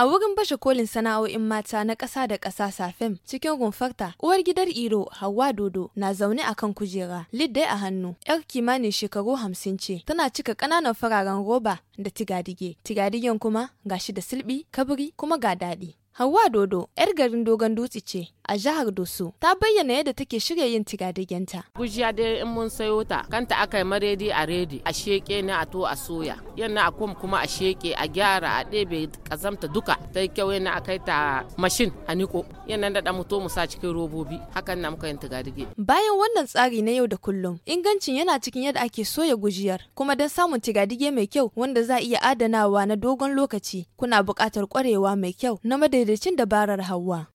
A wurin bashe kolin sana'o'in mata na ƙasa da ƙasa safem cikin rumfarta, uwar gidar Iro Hauwa Dodo na zaune a kan kujera, liddai a hannu, 'yar kimanin shekaru hamsin ce, tana cika ƙananan fararen roba da tigadige. Tigadigen kuma ga shi da silbi, kabiri kuma ga daɗi. Hauwa Dodo, 'yar garin Dogon Dutse ce, a jihar Doso ta bayyana yadda take shirya yin tigadigenta. Gujiya dai in mun sayo ta kanta aka yi maredi a redi a sheke ne a to a soya yana a kum kuma a sheke a gyara a ɗebe kazamta duka ta yi kyau yana a kai ta mashin a niko yana da muto mu sa cikin robobi hakan na muka yin tigadige. Bayan wannan tsari na yau da kullum ingancin yana cikin yadda ake soya gujiyar kuma don samun tigadige mai kyau wanda za a iya adanawa na dogon lokaci kuna buƙatar ƙwarewa mai kyau na madaidaicin dabarar hawa.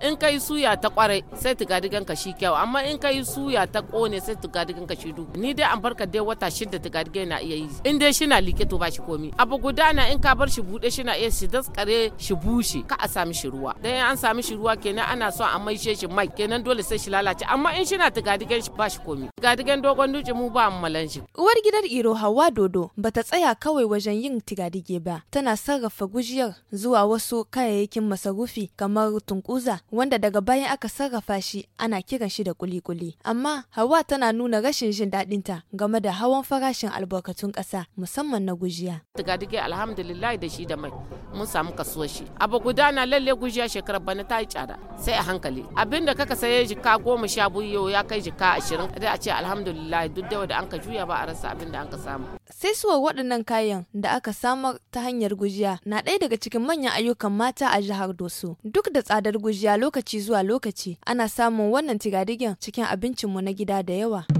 in kai suya ta kwarai sai ta gadi ka shi kyau amma in kai suya ta kone sai ta gadi ka shi du ni dai an barka dai wata shida tuga digan na iya yi in dai shi na like to ba shi komi abu guda na in ka bar shi bude shi na iya shi daskare shi bushe ka a sami shi ruwa dan an sami shi ruwa kenan ana so a mai shi mai kenan dole sai shi lalace amma in shi na tuga digan shi ba shi komi gadi digan dogon duci mu ba mallan shi uwar gidar iro hawa dodo bata tsaya kawai wajen yin tigadige ba tana sarrafa gujiyar zuwa wasu kayayyakin masarufi kamar tunkuza wanda daga bayan aka sarrafa shi ana kiran shi da kulikuli. Amma Hawa tana nuna rashin jin daɗinta game da hawan farashin albarkatun ƙasa musamman na gujiya. Daga dige alhamdulillah da shi da mai mun samu kasuwar shi. Abu guda na lalle gujiya shekarar bana ta yi tsada sai a hankali. Abin da kaka saye jika goma sha biyu ya kai jika ashirin. Da a ce alhamdulillah duk da wanda an ka juya ba a rasa abin da an ka samu. Sai suwa waɗannan kayan da aka samar ta hanyar gujiya na ɗaya daga cikin manyan ayyukan mata a jihar Doso. Duk da tsadar gujiya lokaci zuwa lokaci ana samun wannan tigadigin cikin abincinmu na gida da yawa.